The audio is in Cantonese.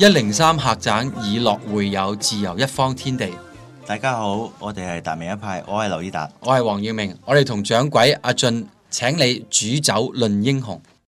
一零三客棧以樂會友，自由一方天地。大家好，我哋係達明一派，我係劉以達，我係黃耀明，我哋同掌櫃阿峻，請你煮酒論英雄。